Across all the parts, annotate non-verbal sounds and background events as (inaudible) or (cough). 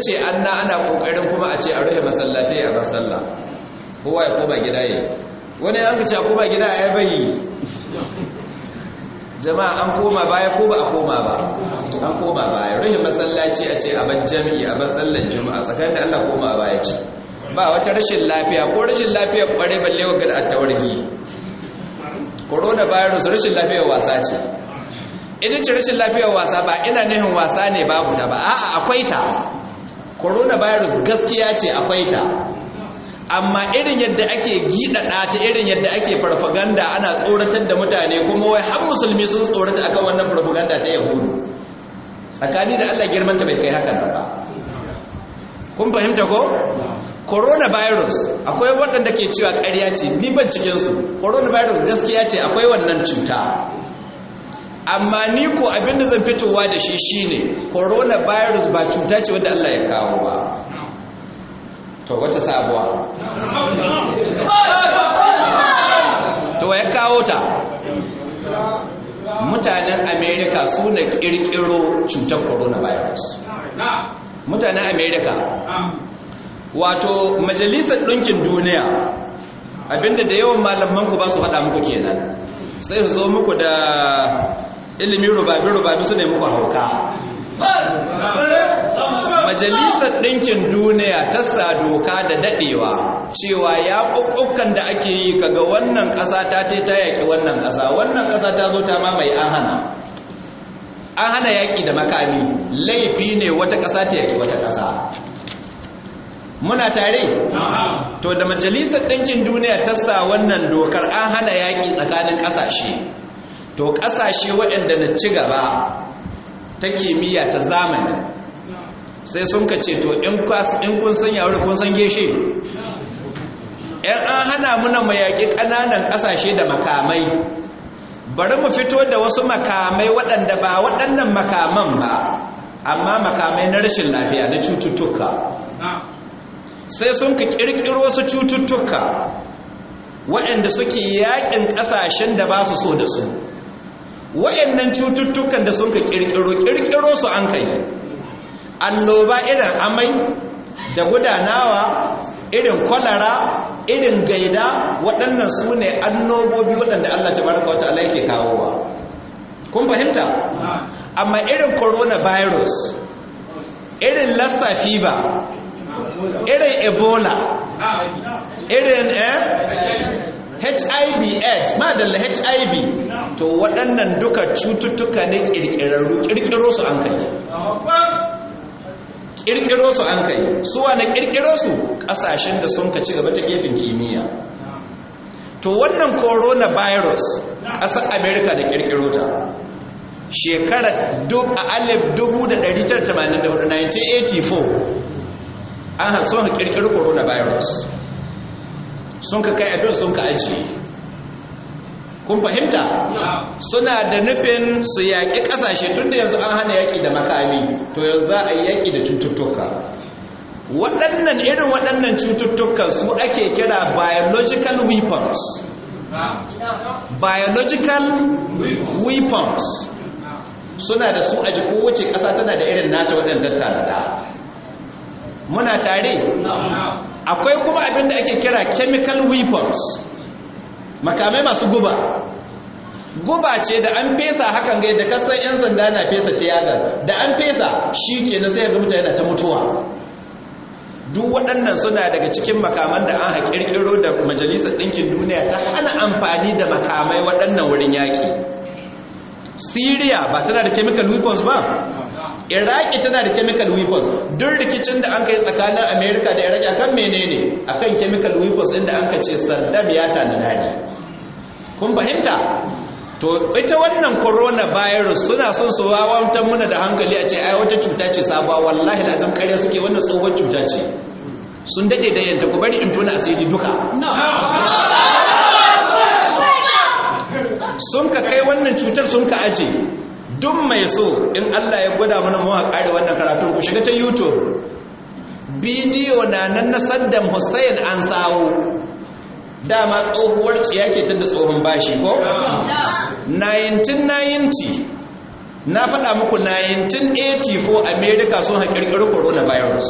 ce an na ana ƙoƙarin kuma a ce a ruhe masallatai a masalla kowa ya koma gida ya wani an kace a koma gida ya bayi jama'a an koma baya ko ba a koma ba an koma baya ruhe masallaci a ce a ban jami'i a masallan juma'a tsakanin da Allah koma baya ce ba wata rashin lafiya ko rashin lafiya kware balle wa gada tawargi virus rashin lafiya wasa ce idan ci rashin lafiya wasa ba ina nihin wasa ne babu ta ba a'a akwai ta coronavirus gaskiya ce akwai ta amma irin yadda ake giɗaɗa ta irin yadda ake farfaganda ana tsoratar da mutane kuma wai har musulmi sun tsorata akan wannan farfaganda ta yahudu tsakani da allah girmanta bai kai haka nan ba kun fahimta ko coronavirus akwai waɗanda ke cewa ƙarya ce ni ban cikinsu coronavirus gaskiya ce akwai wannan cuta amma ni ko abinda zan fitowa da shi shine coronavirus ba cuta ce wanda Allah ya kawo ba to wata sabuwa to ya kawo ta mutanen Amerika su na kirkiro cutar coronavirus mutanen Amerika wato majalisar ɗinkin duniya abinda da yawan ku ba su faɗa muku kenan sai su zo muku da ilimin rubabi-rubabi su ne muku hauka majalisar ɗinkin duniya ta sa doka da daɗewa cewa ya ƙuƙuƙan da ake yi kaga wannan ƙasa ta te ta yaƙi wannan ƙasa wannan ƙasa ta zo ta mamaye an hana an hana yaƙi da makami laifi ne wata ƙasa ta yaƙi wata ƙasa muna tare to da majalisar ɗinkin duniya ta sa wannan dokar an hana yaƙi tsakanin ƙasashe to ƙasashe waɗanda na ci gaba ta kimiyya ta zamani sai sun ka ce to in kun san yawon kun san geshe ‘yan an hana muna mayaƙi ƙananan ƙasashe da makamai bari mu fito da wasu makamai waɗanda ba waɗannan makaman ba amma makamai na rashin lafiya na cututtuka sai sun ka ƙirƙiro wasu cututtuka waɗanda suke yaƙin ƙasashen da ba su so da su wa'annan cututtukan da sun ka ƙirƙiro kirkiro su an kai annoba irin amai da gudanawa irin kwalara irin gaida waɗannan su ne annobobi waɗanda Allah ta baraka wata ala kawowa kun fahimta amma irin coronavirus irin lasta fever irin ebola irin eh hiv aids da hiv to waɗannan duka cututtuka ne ƙirƙirarru ƙirƙiro su an kai ƙirƙiro su an kai suwa na ƙirƙiro su ƙasashen da sun ka ci gaba ta gefen kimiyya to wannan coronavirus ƙasar amerika da ƙirƙiro ta shekarar a alif 1984 1984 an sun ka ƙirƙiro coronavirus sun ka kai abin sun ka ajiye kun fahimta suna da nufin su yaƙi ƙasashe tun da yanzu an hana yaƙi da makami to yanzu za a yi yaƙi da cututtuka waɗannan irin waɗannan cututtuka su ake kira biological weapons biological weapons suna da su a ji wuce ƙasa tana da irin nata waɗanda da. muna tare akwai kuma abin da ake kira chemical weapons makamai masu guba guba ce da an fesa hakan ga yadda kasan 'yan sanda na fesa ta yada da an fesa shi ke na sai gumta yana ta mutuwa duk waɗannan suna daga cikin makaman da an ƙirƙiro da majalisar ɗinkin duniya ta hana amfani da makamai waɗannan wurin yaƙi siriya ba tana da chemical weapons ba iraki tana da chemical weapons duk rikicin da an kai tsakanin america da iraki akan menene akan chemical weapons inda an ka ce saddam ya tanada ne kun fahimta to ita wannan corona virus suna son su wawantar muna da hankali a ce ai wata cuta ce sabuwa wallahi lazim kare suke wannan tsohon cuta ce sun dade da yanta ku bari in tona asiri duka sun ka kai wannan cutar sun ka aje duk mai so in Allah ya gwada mana mu a kare wannan karatun ku shiga ta YouTube bidiyo na nan na Saddam Hussein an sawo dama tsohuwar ciya ke ta da tsohon bashi ko 1990 na faɗa muku 1984 America sun corona coronavirus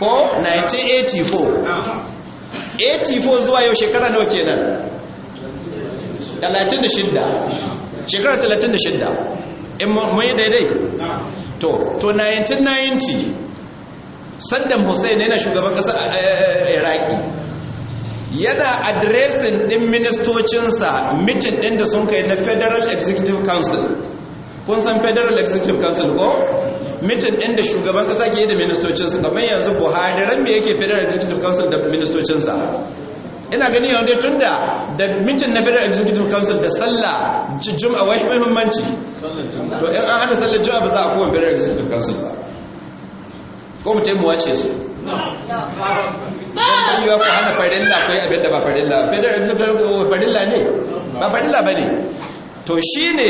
ko 1984 84 zuwa yau shekara nawa kenan 36 shekara 36 in mai daidai to to 1990 saddam hussein yana shugaban a eh, eh, eh, iraki yana adresin din ministocinsa mitin din da sun kai na federal executive council kun san federal executive council ko mitin din da shugaban kasa ke yi da ministocinsa kamar yanzu buhari ran me yake federal executive council da ministocinsa ina gani yau dai tun da mintin na federal executive council da sallah juma'a wai muhimmanci to in an hada sallar juma'a ba za a kowa federal executive council ba ko mu yi muwace su don yiwa ku hana farilla kai abin da ba farilla federal executive council farilla ne ba farilla ba ne to shi ne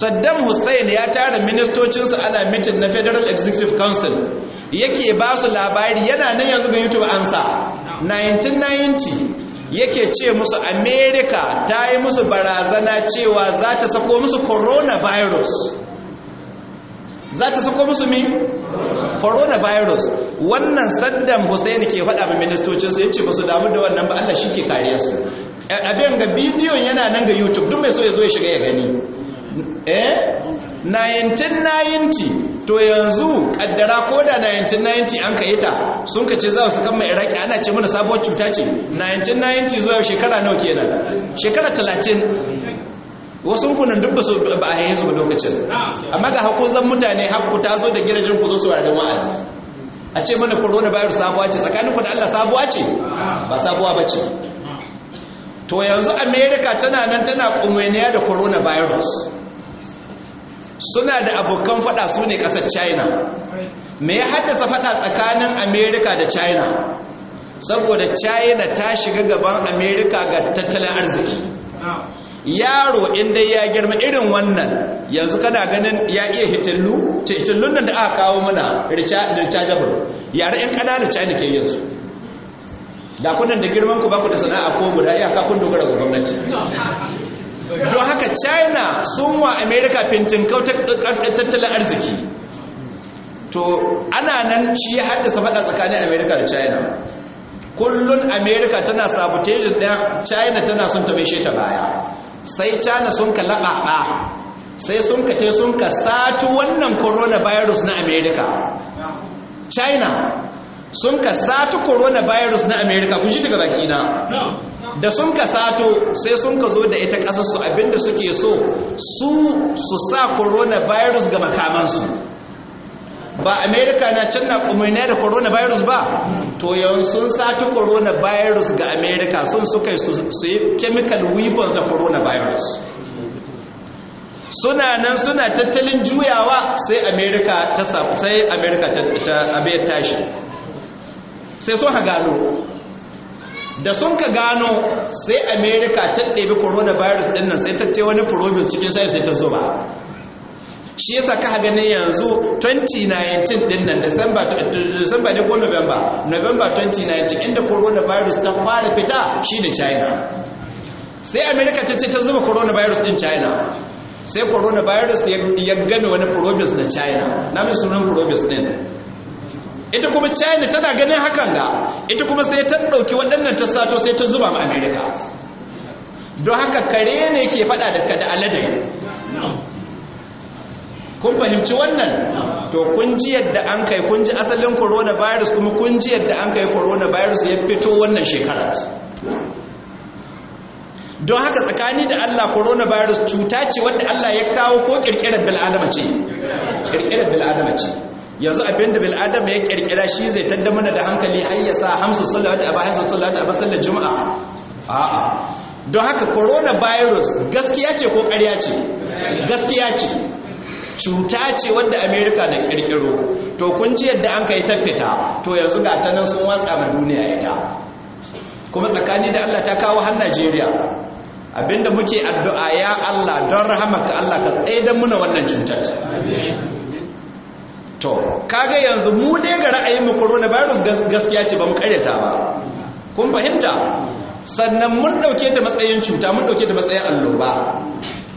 saddam hussein ya tara ministocinsa ana mintin na federal executive council yake ba su labari yana nan yanzu ga youtube ansa 1990 yake ce musu america ta yi musu barazana cewa za ta sako musu coronavirus za ta sako musu mi? coronavirus wannan saddam hussein ke faɗa ministocin ministocinsu ya ce musu damu da wannan ba allah shi ke su abin ga bidiyon yana nan ga youtube duk mai so ya zo ya shiga ya gani eh 1990 to yanzu kaddara ko da 1990 an kai ta sun ka ce za su kama iraki ana ce mana sabuwar cuta ce 1990 zuwa shekara nawa kenan shekara 30 wasu kunan duk su ba a yanzu ba lokacin amma ga zan mutane hakku ta zo da gidajen ku zo su wa'adin wa'azi a ce mana corona virus sabuwa ce tsakanin ku da Allah sabuwa ce ba sabuwa ba ce to yanzu america tana nan tana kumeniya da corona virus suna da abokan fada su ne kasar china me ya haddasa fada tsakanin Amerika da china saboda china ta shiga gaban Amerika ga tattalin arziki yaro inda ya girma irin wannan yanzu kana ganin ya iya hitillu ce hitillun nan da aka kawo mana rechargeable yare yan ƙananan china ke yanzu da da girman ku ba ku da sana'a ko guda iyaka kun dogara ga gwamnati don haka china sun wa america fintin tattalin arziki to ana nan shi ya haddasa faɗa tsakanin america da china kullun america tana sabotage ɗaya china tana sun ta maishe ta baya sai china sun ka laɓaɓa sai sun ka te sun ka satu wannan coronavirus na america china sun ka satu coronavirus na america ku ji daga bakina da sun ka sato sai sun ka zo da ita su abinda suke so su su sa coronavirus ga makamansu ba amerika na can na umarni da coronavirus ba to yawon sun sato coronavirus ga amerika sun suka su yi chemical weapons da coronavirus suna nan suna tattalin juyawa sai amerika ta sai amerika ta abin tashi sai sun ha gano da sun ka gano sai america ta ɗebi coronavirus ɗin nan sai ta te wani province cikin shayi sai ta zuba shi yasa ka ganin yanzu 2019 ɗin nan december ne ko november november 2019 inda coronavirus ta fara fita shi ne china sai america ta ce ta zuba coronavirus ɗin china sai coronavirus ya gami wani province na china na mai sunan province ɗin ita kuma china tana ganin hakan ga ita kuma sai ta ɗauki waɗannan ta sato sai ta zuba ma america don haka kare ne ke faɗa da kada alade kun fahimci wannan to kun ji yadda an kai kun ji asalin coronavirus kuma kun ji yadda an kai coronavirus ya fito wannan shekarar don haka tsakani da Allah coronavirus cuta ce wadda Allah ya kawo ko kirkirar bil'adama ce kirkirar bil'adama ce yanzu abin da bil'adam ya kirkira shi zai tadda mana da hankali har ya sa hamsu salawatu a bayan a basallar juma'a a'a don haka coronavirus gaskiya ce ko ƙarya ce gaskiya ce cuta ce wadda america na kirkiro to kun ji yadda an kai tafita to yanzu ga ta nan sun watsa ma duniya ita kuma tsakani da Allah ta kawo har Najeriya abinda muke addu'a ya Allah don ga Allah ka tsaye don muna wannan cutar to kaga yanzu mu dai ga ra'ayin mu Corona virus gaskiya ce ba mu karyata ba kun fahimta sannan mun dauke ta matsayin cuta mun dauke ta matsayin alloba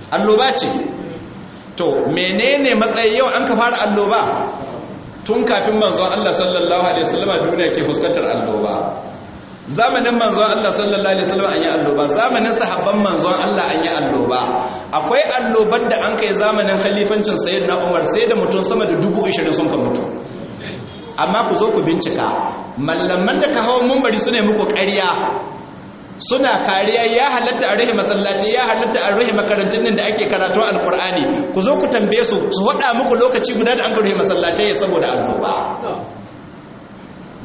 alloba ce to menene matsayi yau an ka fara alloba tun kafin manzon Allah sallallahu alaihi wasallama duniya ke fuskantar alloba zamanin manzon Allah sallallahu alaihi wasallam an yi alloba zamanin sahabban manzon Allah an yi alloba akwai allobar da an kai zamanin khalifancin sayyidina Umar sai da mutum sama da 20 sun ka mutu amma ku zo ku bincika mallaman da ka hawo mumbari su ne muku ƙarya suna kariya ya halatta a rahe masallaci ya halatta a rahe makarantun nan da ake karatu alkur'ani ku zo ku tambaye su su haɗa muku lokaci guda da an ruhe masallatai saboda alloba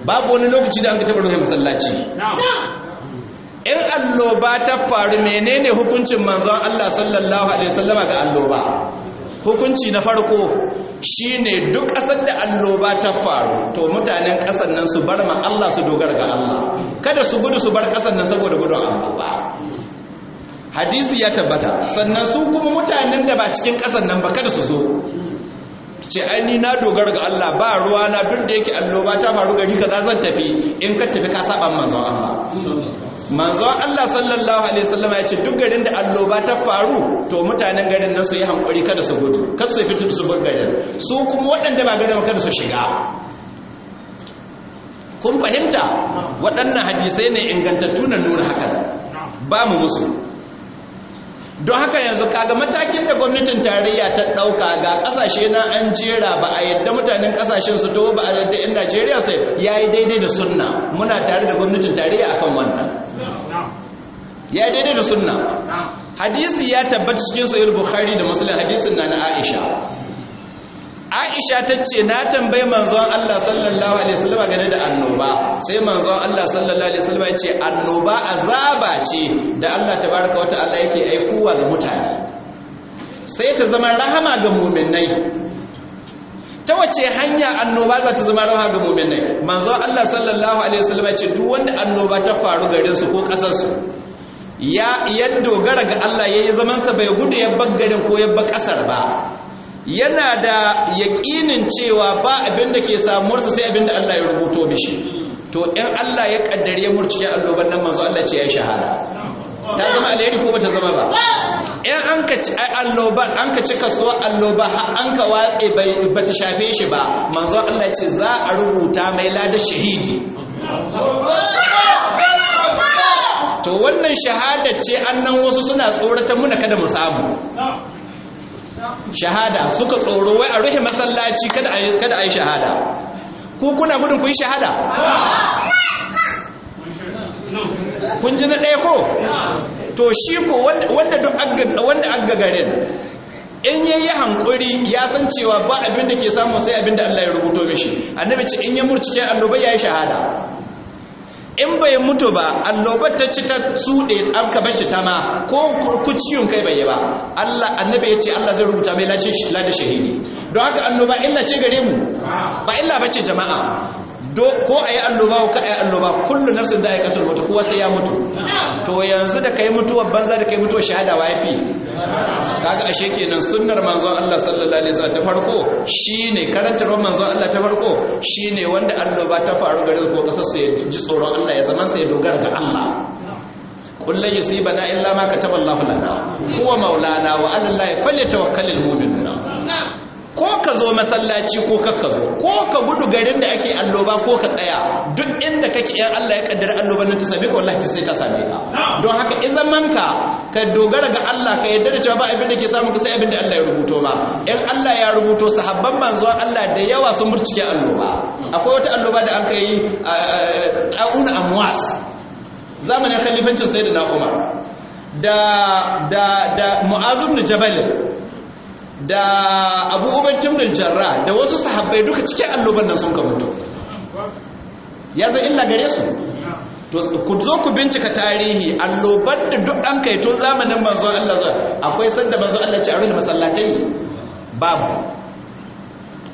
babu wani lokaci da an taɓa rufe masallaci in alloba ta faru menene hukuncin manzon Allah sallallahu alaihi wasallama ga alloba hukunci na farko shine duk kasar da alloba ta faru to mutanen ƙasar nan su bar Allah su dogara ga Allah kada su gudu su bar ƙasar nan saboda gudun alloba hadisi ya tabbata sannan su kuma mutanen da ba cikin ƙasar nan ba kada su zo ce na dogara ga Allah ba ruwa na duk da yake alloba ta faru gari kaza zan tafi in ka tafi ka saba manzon Allah manzon Allah sallallahu alaihi wasallam ya ce duk garin da alloba ta faru to mutanen garin nan su yi hankuri kada su gudu kada su fitu su bar garin su kuma waɗanda ba garin kada su shiga kun fahimta waɗannan hadisai ne ingantattu na nuna hakan ba mu musu don haka yanzu kaga matakin da gwamnatin tarayya ta ɗauka ga ƙasashe na an jera ba a yadda mutanen ƙasashen su to ba a yadda 'yan najeriya su ya yi daidai da sunna muna tare da gwamnatin tarayya akan wannan ya yi daidai da sunna hadisi ya tabbata cikin sahih bukhari da muslim hadisin na na aisha aisha ta ce na tambayi manzon allah sallallahu alaihi wasallam game da annoba sai manzon allah sallallahu alaihi wasallam ya ce annoba azaba ce da Allah tabaraka wata Allah yake aikowa ga mutane sai ta zama rahama ga muminai ta wace hanya annoba za ta zama rahama ga muminai manzo Allah sallallahu alaihi wasallam ce duk wanda annoba ta faru garin su ko kasar su ya yaddo dogara ga Allah yayi zaman sa bai gudu ya bar garin ko ya bar kasar ba yana da yaƙinin cewa ba abin da ke sa sai abin da Allah ya rubuto mishi to in Allah ya kaddare ya murci ya annoban nan manzo Allah ce ya shahada ta zama alheri ko bata zama ba in an ka ci alloba an ka ci kasuwa alloba an ka watse ba ta shafe shi ba manzo Allah ce za a rubuta mai ladar shahidi to wannan shahada ce annan wasu suna tsorata muna kada mu samu shahada suka tsoro wai a rufe masallaci kada a yi shahada ko kuna gudun ku shahada kun ji na ɗaya ko to shi ko wanda duk wanda garin in ya yi hankuri ya san cewa ba abin da ke samu sai abin da Allah ya rubuto mishi annabi ce in ya ke annoba ya yi shahada in bai mutu ba annobar ta ci ta tsude an ka bashi ta ma ko kuciyun kai bai ba Allah annabi ya ce Allah zai rubuta mai lashe shi la shahidi don haka annoba illa ce gare mu ba illa bace jama'a ko a yi alloba ko a yi alloba kullum nafsin da aikatar mutu kuwa sai ya mutu to yanzu da ka yi mutuwar banza da ka yi mutuwar shahada wa fi kaga ashe nan sunnar manzon Allah sallallahu alaihi wasallam ta farko shine karantarwar manzon Allah ta farko shine wanda alloba ta faru garin ko kasar su ya ji tsoron Allah ya zaman sa dogara ga Allah قل yusibana illa ma kataballahu lana الله Maulana wa مولانا وعلى الله فليتوكل ko ka zo masallaci ko ka zo ko ka gudu garin da ake alloba ko ka tsaya duk inda kake yan Allah ya kaddara alloban nan ta same ka wallahi sai ta same ka don haka izaman ka ka dogara ga Allah ka yarda da cewa ba abin da ke samu ku sai abin da Allah ya rubuto ba, in Allah ya rubuto sahabban manzon Allah da yawa sun murcike alloba akwai wata alloba da an kai ta'un amwas zamanin khalifancin sayyidina Umar da da da Mu'az ibn Jabal da abu ubancin bin jarra da wasu sahabbai duka cikin annoban nan sun ka mutu ya zai illa gare su ku zo ku bincika tarihi annoban da duk an kai tun zamanin manzon Allah zuwa akwai sanda manzon Allah ce a rufe masallatai babu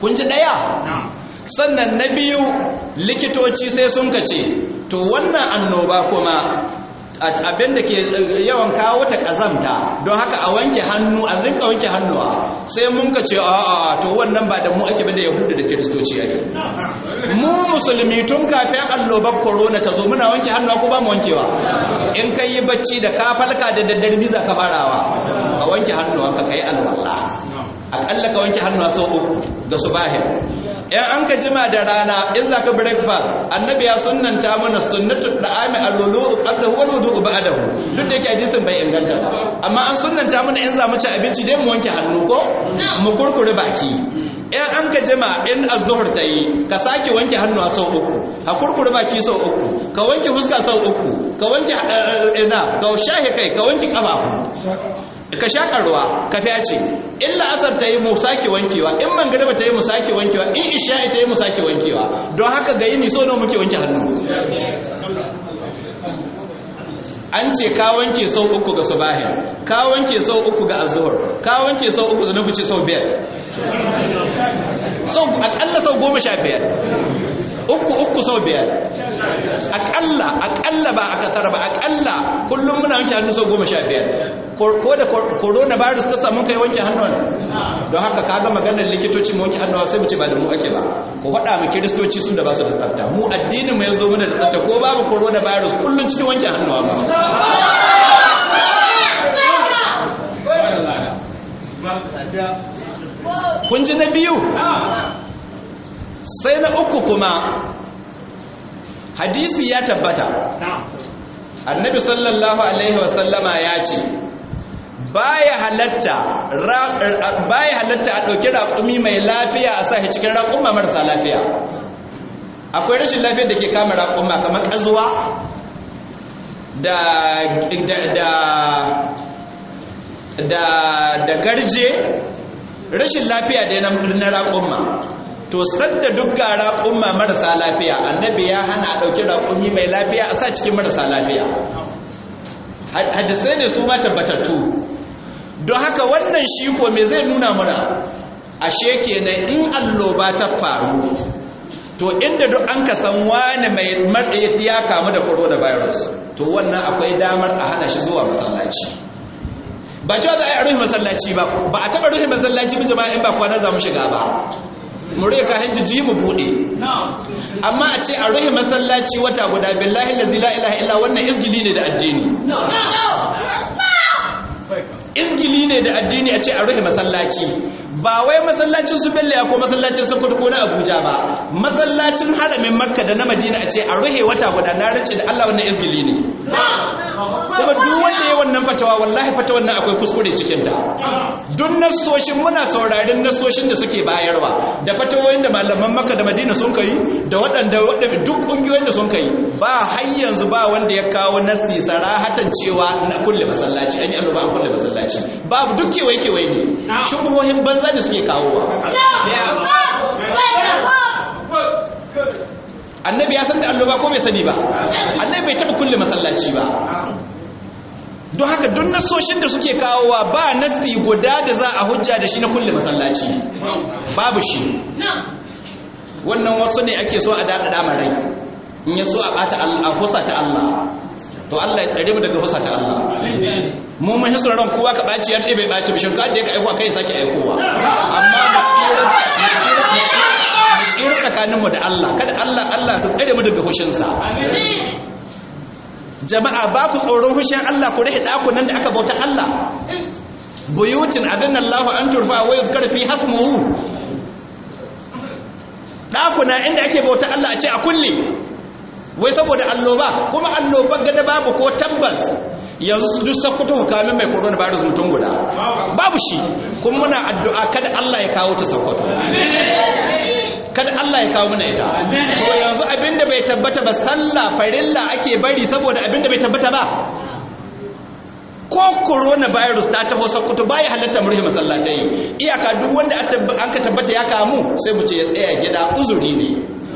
kun ji daya sannan na biyu likitoci sai sun kace to wannan annoba kuma abinda ke eh, yawan kawo ta kazamta don haka a wanke hannu a rinka wanke hannuwa sai mun ka ce a to wannan ba da mu ake bada yahudu da kiristoci ake mu musulmi tun kafin allobar corona ta zo muna wanke hannuwa ko ba mu wankewa in ka yi bacci da ka falka da daddare biza ka farawa ka wanke hannuwanka ka yi alwallah aƙalla ka wanke hannuwa sau uku da bahin yan an ka jima da rana in za ka breakfast annabi ya sunnanta mana sunnatu da'ami al-lulu qablahu wudu ba adam duk da yake hadisin bai inganta amma an sunnanta mana in za mu ci abinci dai mu wanke hannu ko mu kurkure baki yan an ka jima in a zuhur ta yi ka sake wanke hannu a sau uku a kurkure baki sau uku ka wanke fuska sau uku ka wanke eh, eh, ina ka shahe kai ka wanke kafafu ka shaƙa ruwa ka fyace in la'asar ta yi mu sake wankewa in mangariba ta yi mu sake wankewa in isha'i ta yi mu sake wankewa don haka ga ni so nawa muke wanke hannu an ce ka wanke sau uku ga subahin ka wanke sau uku ga azhar ka wanke sau uku zanubu ce sau biyar sau akalla sau goma sha biyar uku uku sau biyar akalla akalla ba a kasar ba akalla kullum muna wanke hannu sau goma sha biyar ko da coronavirus ta samu kai wanke hannun don haka kaga maganar likitoci mu wanke hannun sai mu ce ba da mu ake ba ko faɗa mu kiristoci sun da ba su da tsafta mu addinin mu yanzu muna da tsafta ko babu coronavirus kullum cikin wanke hannun ba kun ji na biyu sai na uku kuma hadisi ya tabbata annabi sallallahu alaihi wasallama ya ce baya halatta baya halatta a ɗauki raƙumi mai lafiya a sa shi cikin raƙuma marasa lafiya akwai rashin lafiyar da ke kama raƙuma kamar ƙazuwa da da da garje rashin lafiya da birnin raƙuma to sadda duk ga raƙumma marasa lafiya annabi ya hana a ɗauki raƙumi mai lafiya a sa cikin marasa lafiya hadisai ne su ma tabbatattu haka wannan shi ko me zai nuna mana ashe kenan in allo ba ta faru to inda duk an ka san wani mai matsayi ya kamu da coronavirus to wannan akwai damar a hana shi zuwa masallaci ba cewa za a yi a rufe masallaci ba ba a taɓa rufe masallaci ba jama'a in ba kwana za mu shiga ba mu ka hanji ji mu buɗe amma a ce a rufe masallaci wata guda billahi lazi la ilaha illa wannan izgili ne da addini izgili ne da addini a ce a rufe masallaci ba wai masallacin su bella ko masallacin sun kudu ko na abuja ba masallacin haramin makka da na madina a ce a ruhe wata guda na race da allah wannan izgili ne kuma duk wanda ya wannan fatawa wallahi fata wannan akwai kuskure cikin ta duk nasoshin muna saurarin nasoshin da suke bayarwa da fatawoyin da malaman makka da madina sun kai da waɗanda duk ƙungiyoyin da sun kai ba har yanzu ba wanda ya kawo nasti sarahatan cewa na kulle masallaci an yi alluba an kulle masallaci babu duk kewaye kewaye ne shubuhohin banza da suke kawo ba. annabi ya san da annoba ko bai sani ba annabi bai taba kulle masallaci ba don haka duk nasoshin da suke kawowa ba nasi guda da za a hujja da shi na kulle masallaci babu shi wannan wasu ne ake so a daɗaɗa marai in ya so a ɓata ta Allah to Allah ya tsare mu daga fasa ta Allah mu mun hisu ran kowa ka baci yar bai baci bishin ka je ka aikowa kai sake aikowa amma mu tsira tsakanin mu da Allah kada Allah Allah ya tsare mu daga hushin sa jama'a ba ku tsoron hushin Allah ku rike nan da aka bauta Allah buyutin adana Allah an turfa wa yuzkar fi hasmuhu dakuna inda ake bauta Allah a ce a kulle wai saboda alloba kuma alloba gada babu ko tabbas yanzu duk sakkwato hukamin mai korona virus mutum guda babu shi kuma muna addu'a kada Allah ya kawo ta sakkwato kada Allah ya kawo muna ita to yanzu abinda bai tabbata ba sallah farilla ake bari saboda abinda bai tabbata ba ko corona virus ta taho sakkwato bai halatta mu rufe masallatai iyaka duk wanda an ka tabbata ya kamu sai mu ce ya tsaya gida uzuri ne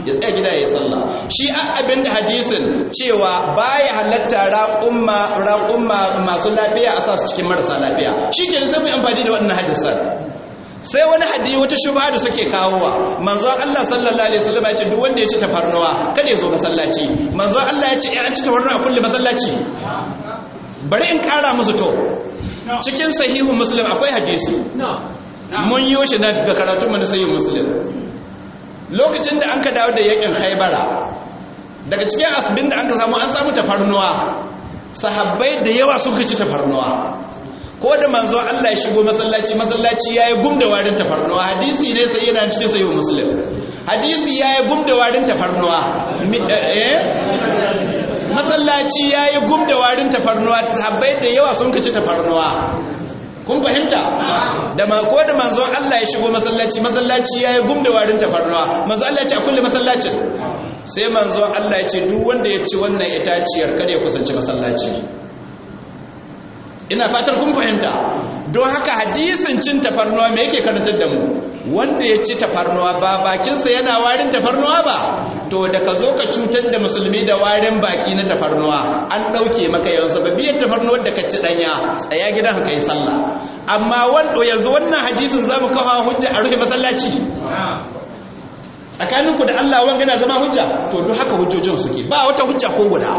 ya tsaya gida ya sallah shi abin da hadisin cewa baya halatta raƙumma raƙumma masu lafiya a sa su cikin marasa lafiya shi ke sai mu amfani da wannan hadisan sai wani hadisi wata shuba da suke kawowa manzo Allah sallallahu alaihi wasallam ya ce duk wanda ya ci tafarnuwa kada ya zo masallaci manzo Allah ya ce eh, an ci tafarnuwa kullu masallaci bari in kara musu to cikin sahihu muslim akwai hadisi mun yi shi na daga karatun mun na sahihu muslim lokacin da an ka dawo da yakin haibara daga cikin asibin da an ka samu an samu tafarnuwa sahabbai da yawa sun kaci tafarnuwa ko da manzo Allah ya shigo masallaci masallaci yayi gumda warin tafarnuwa hadisi ne sai yana cikin sayyid muslim hadisi yayi gumda warin tafarnuwa eh, eh masallaci yayi gumda warin tafarnuwa sahabbai da yawa sun kaci tafarnuwa kun fahimta da ma ko da manzon Allah ya shigo masallaci masallaci yayi gumda warin tafarnuwa manzo Allah ya ce a kulle masallacin sai manzo Allah ya ce duk wanda ya ci wannan itaciyar kada ya kusanci masallaci ina fatar kun fahimta don haka hadisin cin tafarnuwa me yake karantar da mu wanda ya ci tafarnuwa ba bakinsa yana warin tafarnuwa ba to da ka zo ka cutar da musulmi da warin baki na tafarnuwa an ɗauke maka Ba sababiyar tafarnuwar da ka ci ɗanya tsaya gidan ka yi sallah amma wanda zo wannan hadisin za mu kawo hujja a rufe masallaci tsakaninku da Allah wanga zama hujja to duk haka hujjojin suke ba wata hujja ko guda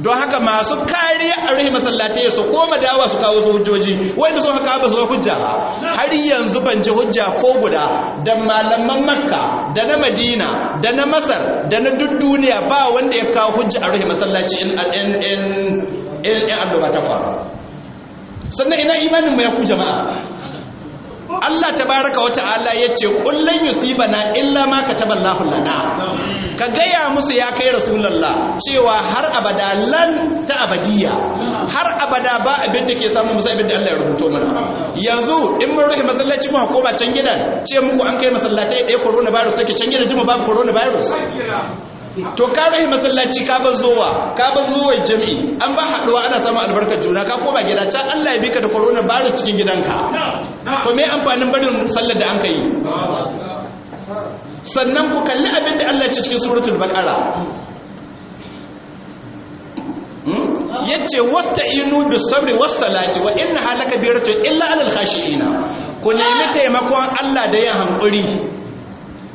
don haka masu kariya a rufe masallatai su koma dawa su kawo su hujjoji wanda sun haka ba su zo hujja ba har yanzu ban ji hujja ko guda da malaman makka da na madina da na masar da na duk duniya ba wanda ya kawo hujja a rufe masallaci in in in ta faru sannan ina imanin mai ku jama'a Allah tabaraka wa ta'ala yace kullan yusibana illa ma kataballahu lana ka gaya musu ya kai rasulallah cewa har abada lan ta abadiya har abada ba abin da ke samu musa abin da Allah ya rubuto mana yanzu in mun rufe masallaci mu koma can gidan ce muku an kai masallaci ɗaya coronavirus take can gidan jima babu coronavirus to ka rahi masallaci ka ba zuwa ka ba zuwa jami'i an ba haɗuwa ana samun albarkar juna ka koma gida can Allah ya bika da corona baro cikin gidanka to me amfanin barin sallar da an ka yi sannan ku kalli abin da Allah ya ce cikin suratul baqara hmm? yace wasta'inu bis sabri was salati wa inna halaka bi illa alal khashiina ku nemi taimakon Allah da yin hankuri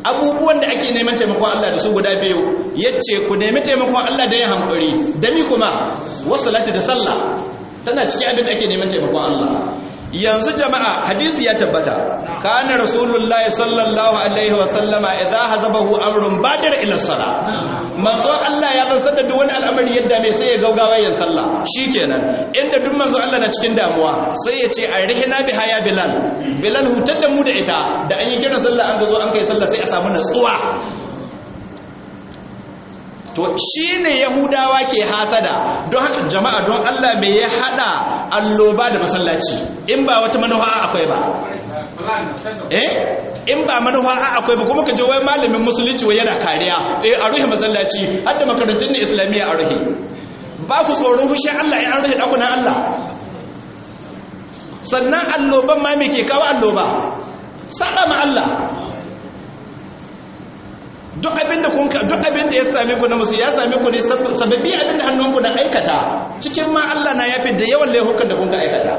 abubuwan da ake neman taimakon Allah da su guda biyu Ya ce ku nemi taimakon Allah da ya hankuri da mi kuma wasalati da sallah tana ciki abin da ake neman taimakon Allah yanzu jama'a hadisi ya tabbata kana rasulullahi sallallahu alaihi wa sallama idza hazabahu amrun badar ila salah manzo Allah ya san da duk wani al'amari yadda mai sai ya gaugawa yin sallah shikenan inda duk manzo Allah na cikin damuwa sai ya ce a arihna bi haya bilal bilal hutar da mu da ita da an yi kiran sallah an gazo zo an kai sallah sai a samu natsuwa to shi ne yahudawa ke hasada don haka jama'a don allah mai ya hada alloba da masallaci in ba wata manuwa akwai ba eh in ba manufa a akwai ba kuma ka je wai malamin musulunci wai yana kariya eh a ruhe masallaci hadda makarantun ne islamiyya a ruhe ba ku tsoron fushin Allah in an ruhi dakuna Allah sannan alloban ma me kawo alloba sada ma Allah duk abinda kun duk da ya same ku na musu ya same ku ne sababi abinda ku na aikata cikin ma Allah na yafi da yawan laifukan da kun ka aikata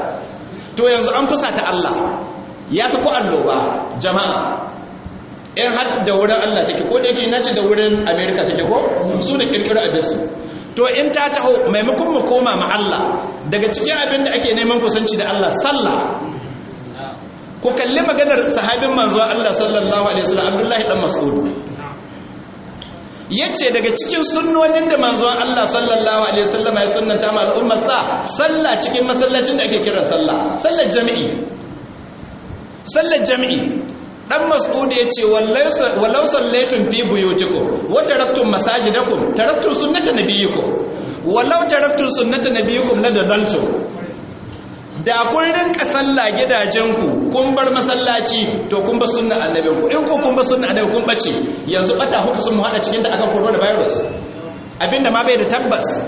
to yanzu an fusata Allah ya allo ba, jama'a in har da wurin Allah take ko da yake na ce da wurin America take ko su da kirkiro abin su to in ta taho maimakon mu koma ma Allah daga cikin abin da ake neman kusanci da Allah sallah ku kalli maganar sahabin manzo Allah sallallahu alaihi wasallam Abdullahi dan Mas'ud yace daga cikin sunnonin da manzo Allah sallallahu alaihi wasallam ya sunnanta ma al'ummar sa sallah cikin masallacin da ake kira sallah sallar jami'i sallar jami'i dan mas'ud ya ce wallau sallaitun fi buyutikum wa taraktum masajidakum taraktum sunnata nabiyikum wallau taraktum sunnata nabiyikum la dalaltum da kun rinka sallah gidajenku kun bar masallaci to kun ba sunna annabinku in ku kun ba sunna annabi kun bace yanzu bata huku sun mu hada cikin da da virus. abinda ma bai da tabbas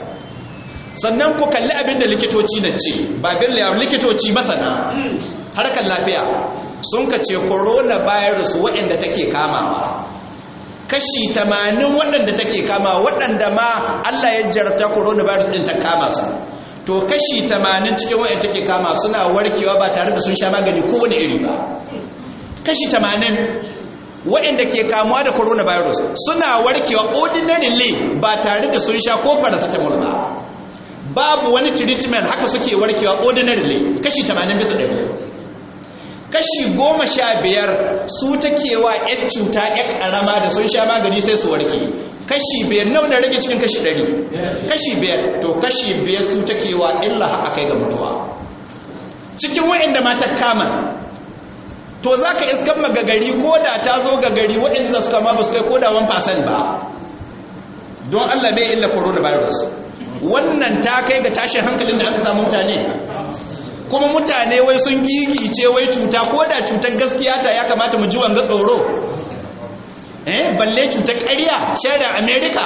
sannan ku kalli abinda likitoci na ce ba bin likitoci masana harkar lafiya sun ka ce coronavirus waɗanda take kamawa kashi tamanin waɗanda take kama waɗanda ma Allah ya jarta coronavirus ɗin ta kama su to kashi tamanin cikin waɗanda take kama suna warkewa ba tare da sun sha magani ko wani iri ba kashi tamanin waɗanda ke kamuwa da coronavirus suna warkewa ordinarily ba tare da sun sha ko paracetamol ba babu wani treatment haka suke warkewa ordinarily kashi tamanin bisa ɗari kashi goma sha biyar su take wa ‘yan cuta ‘yan karama da sun sha magani sai su warke kashi biyar nau da rage cikin kashi ɗari kashi biyar to kashi biyar su take wa illa haka kai ga mutuwa cikin da mata kama to za ka iskan magagari ko da ta zo gagari waɗanda za su kama ba su kai ko da fasan ba don allah mai illa coronavirus wannan ta kai ga tashin hankalin da aka samu mutane kuma mutane wai sun gigice wai cuta ko da cutar gaskiya ta ya kamata mu ji wanga tsoro eh balle cutar ƙarya shaidar america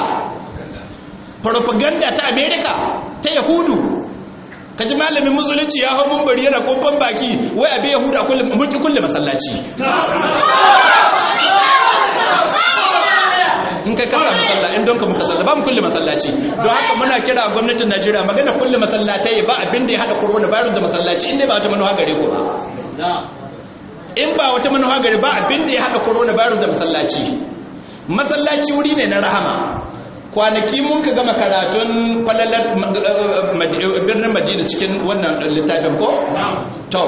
propaganda ta america ta yahudu Ka ji malamin musulunci ya hau mun bari yana kofan baki wai abin yahudu a kullum masallaci kai kara masalla in don ka muka sallah ba mu kulle masallaci don haka muna kira gwamnatin Najeriya magana kulle masallatai ba abin da ya hada corona virus da masallaci in ba ta manuwa gare ku ba in ba wata manuwa gare ba abin da ya hada corona virus da masallaci masallaci wuri ne na rahama kwanaki mun ka gama karatun falalar eh, birnin madina cikin wannan littafin ko? to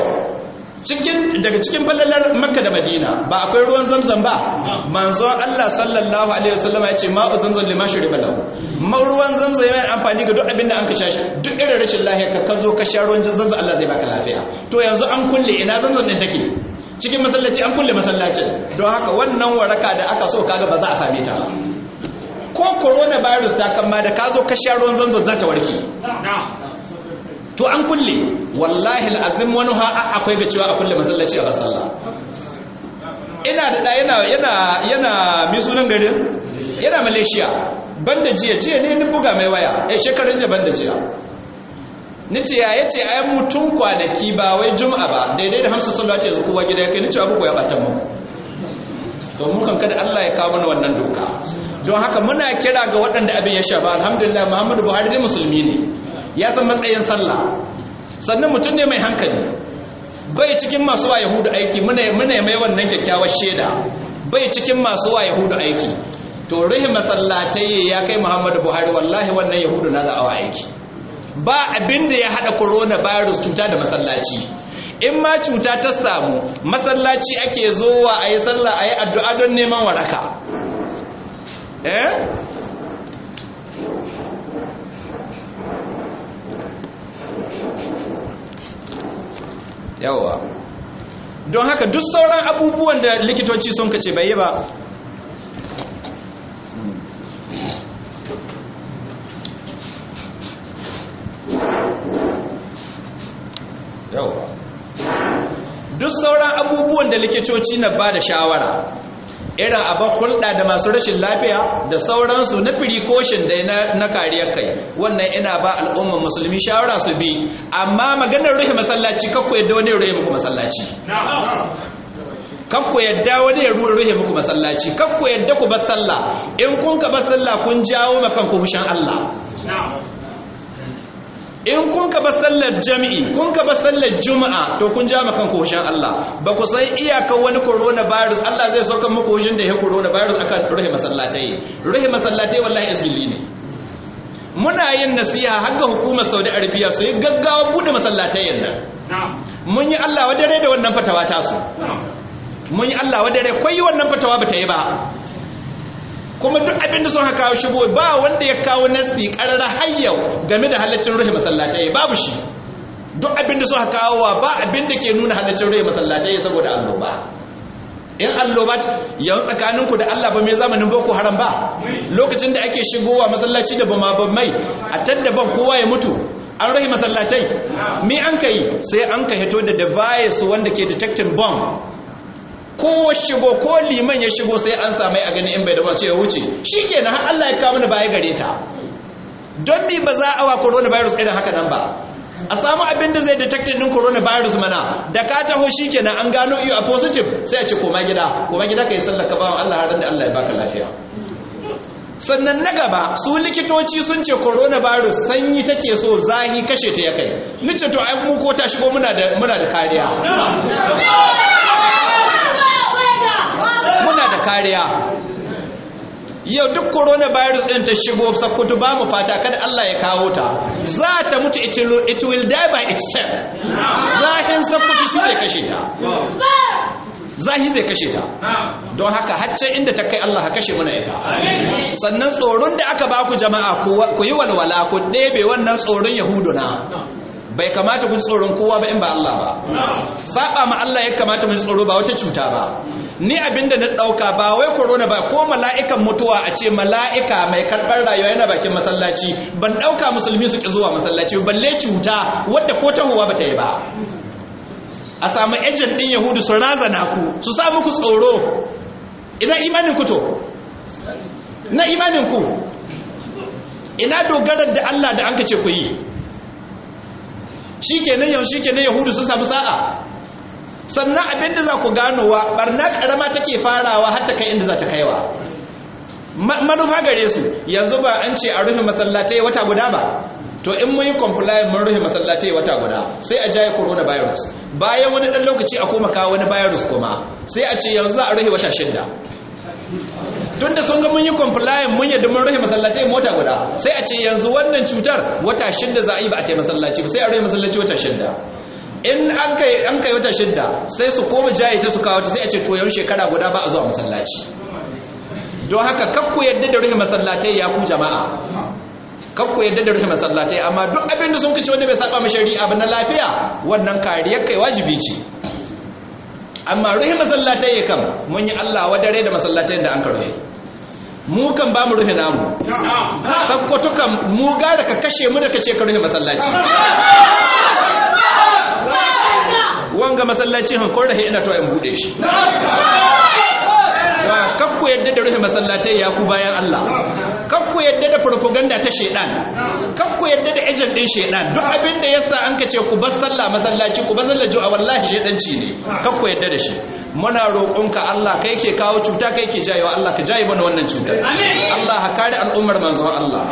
cikin daga cikin falalar makka da madina ba akwai ruwan zamzam ba manzo Allah sallallahu alaihi wasallam ya ce ma'u zamzam liman shariba lahu ma ruwan zamzam yana amfani ga duk abinda an kace shi. duk irin rashin lafiya ka kazo ka sha ruwan zamzam Allah zai baka lafiya to yanzu an kulle ina zamzam din take cikin masallaci an kulle masallaci don haka wannan waraka da aka so kaga ba za a same ta ba ko virus ta kama da ka zo ka sha ruwan zamzam za ta warke to an kulle wallahi al'azim wani ha akwai ga cewa a kulle masallaci a sallah ina da da yana mai sunan garin yana malaysia banda jiya jiya ne ni buga mai waya a eh, shekarun jiya banda jiya ni ce ya yace ai mutum kwanaki ba wai juma'a ba daidai da hamsa sallah ce kowa gida ya kai ni ce abu ya batta mu to mu kan kada Allah ya kawo mana wannan doka don haka muna kira ga waɗanda abin ya shafa alhamdulillah Muhammadu Buhari ne musulmi ne ya san matsayin sallah sannan mutum ne mai hankali bai cikin masu wa yahudu aiki muna mai wannan kyakkyawar shaida bai cikin masu wa yahudu aiki to rihi masallatai ya kai muhammadu buhari wallahi wannan yahudu na za'awa aiki ba abin ya haɗa corona virus cuta da masallaci in ma cuta ta samu masallaci ake zowa a yi sallah a yi addu'a don neman waraka eh yawa don haka duk sauran abubuwan da likitoci sun kace bai yi ba yawa duk sauran abubuwan da likitoci na ba da shawara irin abin hulɗa da masu rashin lafiya da sauransu na firikoshin da na kariyar kai wannan ina ba al'ummar musulmi shawara su bi amma maganar rufe masallaci kakku yadda wani rufe muku masallaci kakku yadda wani ya rufe muku masallaci kakku yadda ku bar sallah in kun ka bar sallah kun jawo makan ku fushin Allah in kun ka ba sallar jami'i kun ka ba sallar juma'a to kun ja makan koshin Allah ba ku san iyaka wani coronavirus Allah zai sauka muku hujin da ya coronavirus akan ruhi masallatai ruhi masallatai wallahi isgili ne muna yin nasiha har ga hukumar Saudi Arabia su yi gaggawa bude masallatai nan mun yi Allah wadare da wannan fatawa ta su mun yi Allah wadare koyi wannan fatawa ba ta yi ba kuma duk abin da sun haka kawo shigo ba wanda ya kawo nasi ƙararra hayyau game da halaccin ruhi masallatai babu shi duk abin da sun haka kawo ba abin da ke nuna halaccin ruhi masallatai saboda alloba in alloba yau tsakaninku da Allah ba mai zamanin boko haram ba lokacin da ake shigowa masallaci da bama mai, a taddaban kowa ya mutu an rahi masallatai me an ka yi? sai an ka hito da device wanda ke detecting bomb ko shigo ko liman ya shigo sai an samai a gani in bai da ba ce ya wuce ke na Allah ya kawo mana baya gare ta don bi ba za a wa coronavirus irin haka nan ba a samu abin da zai detectin din coronavirus mana da ka taho na an gano iyo a positive sai a ce koma gida koma gida ka sallar ka ba Allah har da Allah ya baka lafiya sannan na gaba su likitoci sun ce coronavirus sanyi take so zahi kashe ta ya kai nice to ai mu ko ta shigo muna da muna da kariya kariya yau duk virus ɗin ta shigo sakkutu ba mu fata kada Allah ya kawo ta za ta mutu it will die by itself zahin sakkwato shi zai kashe ta zahi zai kashe ta don haka hacce inda ta kai Allah kashe mana ita sannan tsoron da aka baku jama'a ku yi walwala ku ɗebe wannan tsoron yahuduna bai kamata ku tsoron kowa ba in ba Allah ba saba ma Allah ya kamata mu tsoro ba wata cuta ba ni abinda na dauka ba wai corona ba ko mala'ikan mutuwa a ce mala'ika mai karbar rayuwa yana bakin masallaci ban dauka musulmi su ki zuwa masallaci balle cuta wadda ko tahowa bata yi ba a samu ejen din yahudu su na ku su sa muku tsoro ina imanin ku to na imanin ku ina dogarar da Allah da an kace ku yi shikenan yau shikenan yahudu sun samu sa'a sannan abin da za ku ganowa barna karama take farawa har ta kai inda za ta kaiwa manufa gare su yanzu ba an ce a rufe masallatai wata guda ba to in mun yi comply mun rufe masallatai wata guda sai a jaye corona virus bayan wani dan lokaci a koma kawo wani virus kuma sai a ce yanzu za a rufe wata shida tun da sun ga mun yi compliant mun yadda mun rufe masallatai mota guda sai a ce yanzu wannan cutar wata shida za a yi ba a ce masallaci ba sai a rufe masallaci wata shida in an kai wata shidda sai su koma jaye ta su kawo ta sai a ce to yau shekara guda ba a zuwa masallaci don haka kakku yadda da ruhi masallatai ya ku jama'a kakku yadda da ruhi masallatai amma duk abin da sun kici wanda bai saba ma shari'a ba na lafiya wannan kariyar kai wajibi ce amma ruhi masallatai ya kam mun yi Allah wadare da masallatai da an ka rufe mu kan ba mu ruhi namu sakkwato mu gara ka kashe mu da ka ce ka ruhi masallaci (laughs) wanga masallaci han ko rahe ina to in bude shi kakku yadda da rufe masallatai ya ku bayan Allah kakku yadda da propaganda ta shedan kakku yadda da ejen din shedan duk abin da yasa an ce ku bar sallah masallaci ku bar sallah ju'a wallahi shedanci ne kakku yadda da shi muna roƙonka Allah kai ke kawo cuta kai ke jayewa Allah ka jaye mana wannan cuta Allah ka kare al'ummar manzon Allah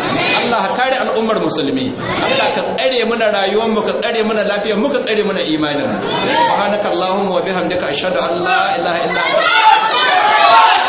Allah ka kare al'ummar musulmi Allah ka tsare mana rayuwar mu ka tsare mana lafiyar mu ka tsare mana imanin mu subhanakallahumma wa bihamdika ashhadu an la ilaha illa anta